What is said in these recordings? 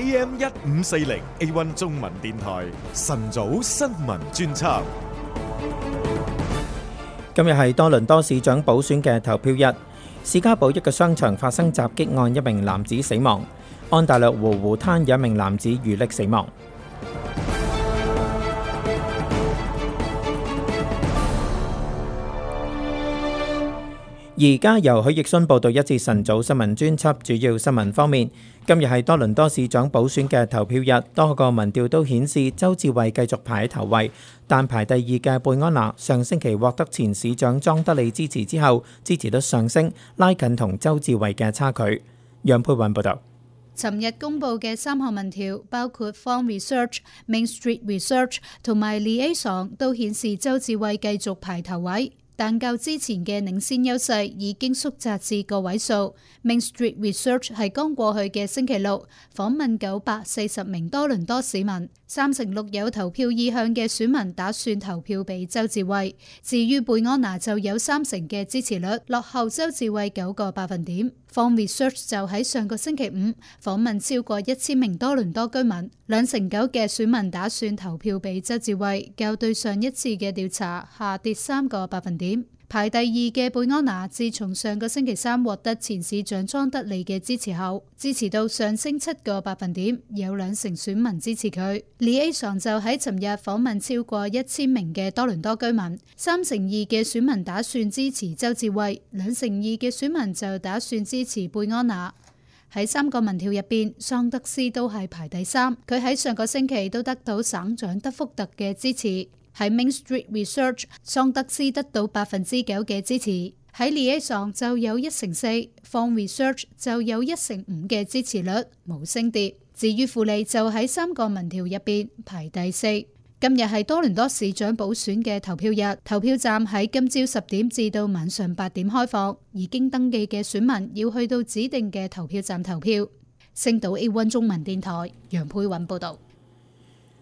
AM 一五四零 A1 中文電台晨早新聞專輯。今日係多倫多市長補選嘅投票日，士嘉堡一個商場發生襲擊案，一名男子死亡；安大略湖湖灘有一名男子遇溺死亡。而家由許奕迅報道一次晨早新聞專輯，主要新聞方面，今日係多倫多市長補選嘅投票日，多個民調都顯示鄒至蕙繼續排頭位，但排第二嘅貝安娜上星期獲得前市長莊德利支持之後，支持率上升，拉近同鄒至蕙嘅差距。楊佩雲報導，尋日公布嘅三項民調，包括 Forum Research、Main Street Research 同埋 Liaison，都顯示鄒至蕙繼續排頭位。但較之前嘅領先優勢已經縮窄至個位數。Main Street Research 係剛過去嘅星期六訪問九百四十名多倫多市民，三成六有投票意向嘅選民打算投票俾周志偉。至於貝安娜，就有三成嘅支持率落後周志偉九個百分點。方 research 就喺上個星期五訪問超過一千名多倫多居民，兩成九嘅選民打算投票俾周志偉，較對上一次嘅調查下跌三個百分點。排第二嘅貝安娜，自從上個星期三獲得前市長莊德利嘅支持後，支持度上升七個百分點，有兩成選民支持佢。李 A 常就喺尋日訪問超過一千名嘅多倫多居民，三成二嘅選民打算支持鄒至蕙，兩成二嘅選民就打算支持貝安娜。喺三個民調入邊，桑德斯都係排第三，佢喺上個星期都得到省長德福特嘅支持。喺 Main Street Research，桑德斯得到百分之九嘅支持；喺 Liaison 上就有一成四，Forum Research 就有一成五嘅支持率，冇升跌。至於富利就喺三個民調入邊排第四。今日係多倫多市長補選嘅投票日，投票站喺今朝十點至到晚上八點開放，已經登記嘅選民要去到指定嘅投票站投票。星島 A1 中文電台，楊佩韻報導。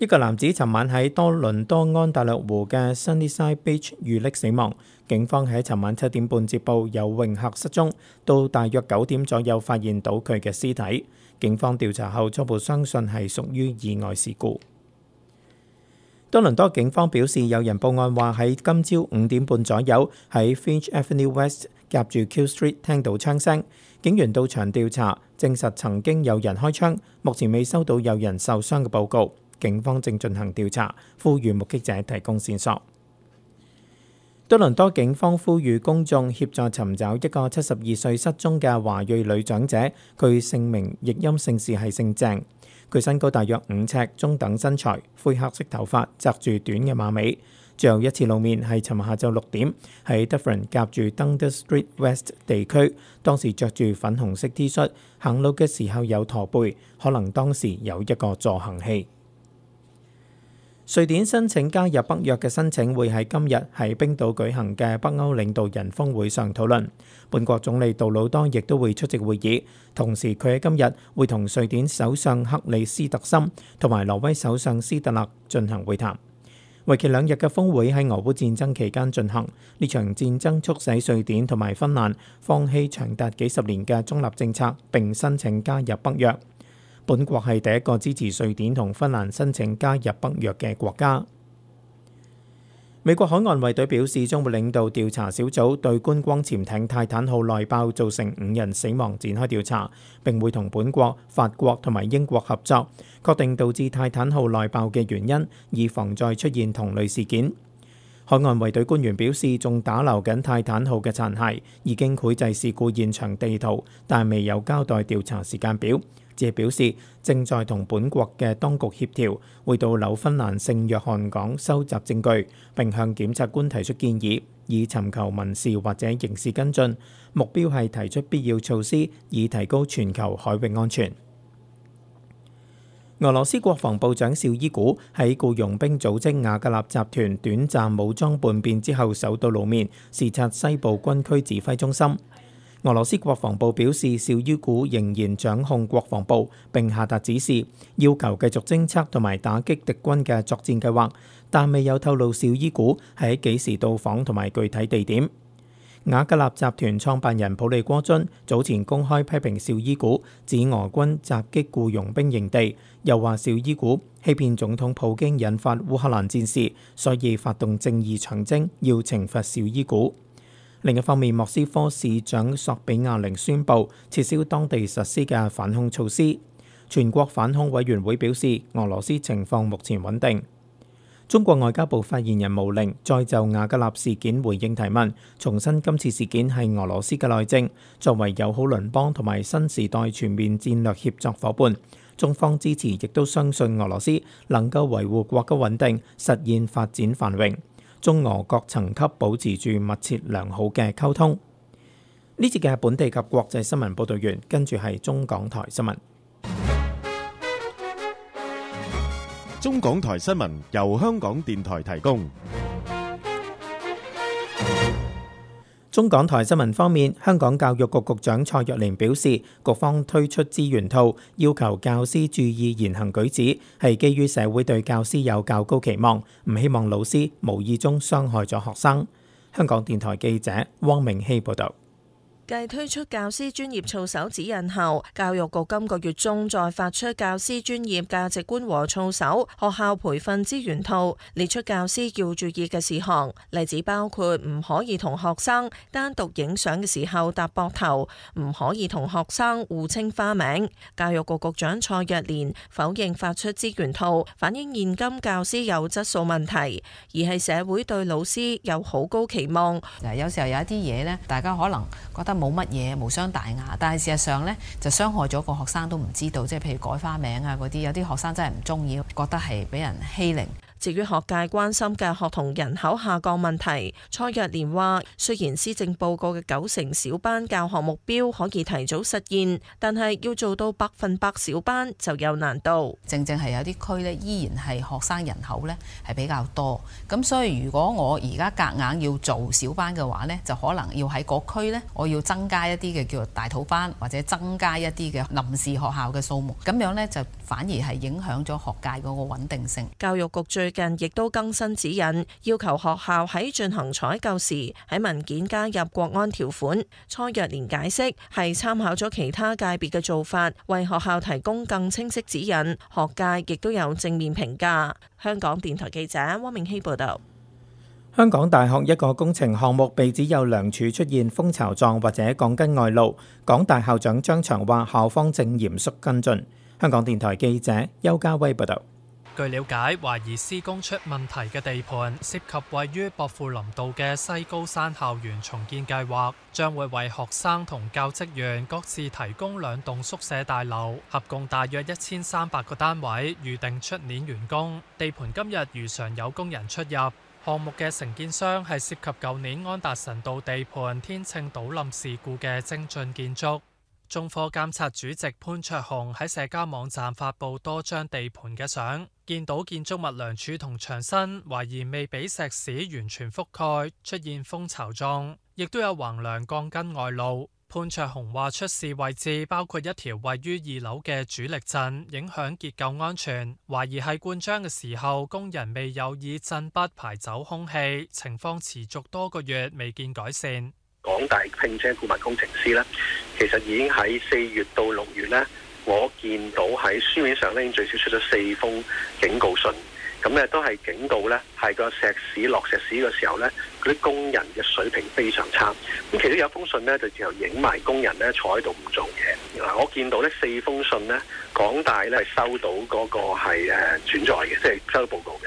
一個男子尋晚喺多倫多安大略湖嘅 Sunnyside Beach 遇溺死亡。警方喺尋晚七點半接報有泳客失蹤，到大約九點左右發現到佢嘅屍體。警方調查後初步相信係屬於意外事故。多倫多警方表示，有人報案話喺今朝五點半左右喺 Finch Avenue West 夾住 Q Street 聽到槍聲，警員到場調查，證實曾經有人開槍，目前未收到有人受傷嘅報告。警方正進行調查，呼籲目擊者提供線索。多倫多警方呼籲公眾協助尋找一個七十二歲失蹤嘅華裔女長者，佢姓名譯音姓氏係姓鄭，佢身高大約五尺，中等身材，灰黑色頭髮紮住短嘅馬尾。最後一次露面係尋日下晝六點，喺 Dufferin 夾住 Dundas Street West 地區，當時着住粉紅色 T 恤，行路嘅時候有駝背，可能當時有一個助行器。瑞典申請加入北約嘅申請會喺今日喺冰島舉行嘅北歐領導人峰會上討論。本國總理杜魯多亦都會出席會議。同時，佢喺今日會同瑞典首相克里斯特森同埋挪威首相斯特勒進行會談。為期兩日嘅峰會喺俄烏戰爭期間進行。呢場戰爭促使瑞典同埋芬蘭放棄長達幾十年嘅中立政策，並申請加入北約。本國係第一個支持瑞典同芬蘭申請加入北約嘅國家。美國海岸衛隊表示，將會領導調查小組對觀光潛艇泰坦號內爆造成五人死亡展開調查，並會同本國、法國同埋英國合作，確定導致泰坦號內爆嘅原因，以防再出現同類事件。海岸衛隊官員表示，仲打撈緊泰坦號嘅殘骸，已經繪製事故現場地圖，但未有交代調查時間表。亦表示正在同本國嘅當局協調，會到紐芬蘭聖約翰港收集證據，並向檢察官提出建議，以尋求民事或者刑事跟進，目標係提出必要措施，以提高全球海域安全。俄羅斯國防部長紹伊古喺僱傭兵組織瓦格納集團短暫武裝叛變之後首度露面，視察西部軍區指揮中心。俄羅斯國防部表示，紹伊古仍然掌控國防部，並下達指示，要求繼續偵測同埋打擊敵軍嘅作戰計劃，但未有透露紹伊古喺幾時到訪同埋具體地點。瓦格納集團創辦人普利戈津早前公開批評紹伊古，指俄軍襲擊僱傭兵營地，又話紹伊古欺騙總統普京，引發烏克蘭戰事，所以發動正義長征，要懲罰紹伊古。另一方面，莫斯科市長索比亞寧宣布撤銷當地實施嘅反恐措施。全國反恐委員會表示，俄羅斯情況目前穩定。中國外交部發言人毛寧再就瓦格納事件回應提問，重申今次事件係俄羅斯嘅內政。作為友好鄰邦同埋新時代全面戰略協作伙伴，中方支持亦都相信俄羅斯能夠維護國家穩定，實現發展繁榮。中俄各層級保持住密切良好嘅溝通。呢節嘅本地及國際新聞報導員，跟住係中港台新聞。中港台新聞由香港電台提供。中港台新聞方面，香港教育局局長蔡若蓮表示，局方推出資源套，要求教師注意言行舉止，係基於社會對教師有較高期望，唔希望老師無意中傷害咗學生。香港電台記者汪明熙報導。繼推出教師專業操守指引後，教育局今個月中再發出教師專業價值觀和操守學校培訓資源套，列出教師要注意嘅事項，例子包括唔可以同學生單獨影相嘅時候搭膊頭，唔可以同學生互稱花名。教育局局長蔡若蓮否認發出資源套反映現今教師有質素問題，而係社會對老師有好高期望。有時候有一啲嘢呢，大家可能覺得。冇乜嘢無傷大雅，但係事實上咧就傷害咗個學生都唔知道，即係譬如改花名啊嗰啲，有啲學生真係唔中意，覺得係俾人欺凌。至於學界關心嘅學童人口下降問題，蔡若蓮話：雖然施政報告嘅九成小班教學目標可以提早實現，但係要做到百分百小班就有難度。正正係有啲區咧，依然係學生人口咧係比較多，咁所以如果我而家夾硬要做小班嘅話呢，就可能要喺各區咧，我要增加一啲嘅叫做大肚班，或者增加一啲嘅臨時學校嘅數目，咁樣呢，就反而係影響咗學界嗰個穩定性。教育局最人亦都更新指引，要求學校喺進行採購時喺文件加入國安條款。初若年解釋係參考咗其他界別嘅做法，為學校提供更清晰指引。學界亦都有正面評價。香港電台記者汪明希報道。香港大學一個工程項目被指有樑柱出現蜂巢狀或者鋼筋外露，港大校長張翔話校方正嚴肅跟進。香港電台記者邱家威報道。據了解，懷疑施工出問題嘅地盤涉及位於薄扶林道嘅西高山校園重建計劃，將會為學生同教職員各自提供兩棟宿舍大樓，合共大約一千三百個單位，預定出年完工。地盤今日如常有工人出入。項目嘅承建商係涉及舊年安達臣道地盤天秤倒冧事故嘅精進建築。中科監察主席潘卓雄喺社交網站發布多張地盤嘅相，見到建築物梁柱同牆身，懷疑未俾石屎完全覆蓋，出現蜂巢狀，亦都有橫梁鋼筋外露。潘卓雄話，出事位置包括一條位於二樓嘅主力震，影響結構安全，懷疑係灌漿嘅時候工人未有以震筆排走空氣，情況持續多個月未見改善。港大聘請顧問工程師咧，其實已經喺四月到六月咧，我見到喺書面上咧，已經最少出咗四封警告信，咁咧都係警告咧，係個石屎落石屎嘅時候咧，嗰啲工人嘅水平非常差。咁其中有一封信咧，就自由影埋工人咧坐喺度唔做嘢。我見到呢四封信咧，港大咧係收到嗰個係誒存在嘅，即係收到報告嘅。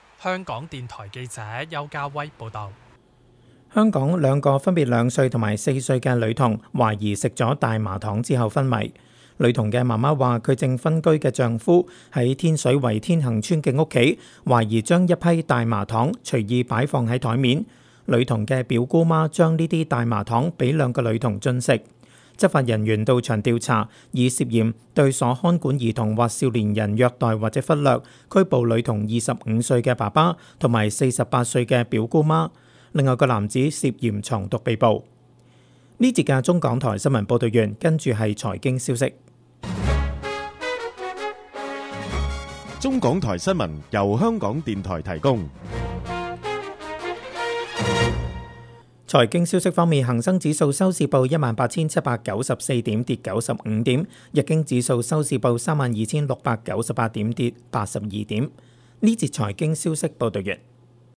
香港電台記者邱家威報道：香港兩個分別兩歲同埋四歲嘅女童懷疑食咗大麻糖之後昏迷。女童嘅媽媽話，佢正分居嘅丈夫喺天水圍天恒村嘅屋企，懷疑將一批大麻糖隨意擺放喺台面。女童嘅表姑媽將呢啲大麻糖俾兩個女童進食。執法人員到場調查，以涉嫌對所看管兒童或少年人虐待或者忽略，拘捕女童二十五歲嘅爸爸同埋四十八歲嘅表姑媽。另外個男子涉嫌藏毒被捕。呢節嘅中港台新聞報道員，跟住係財經消息。中港台新聞由香港電台提供。財經消息方面，恒生指數收市報一萬八千七百九十四點，跌九十五點；日經指數收市報三萬二千六百九十八點，跌八十二點。呢節財經消息報道完。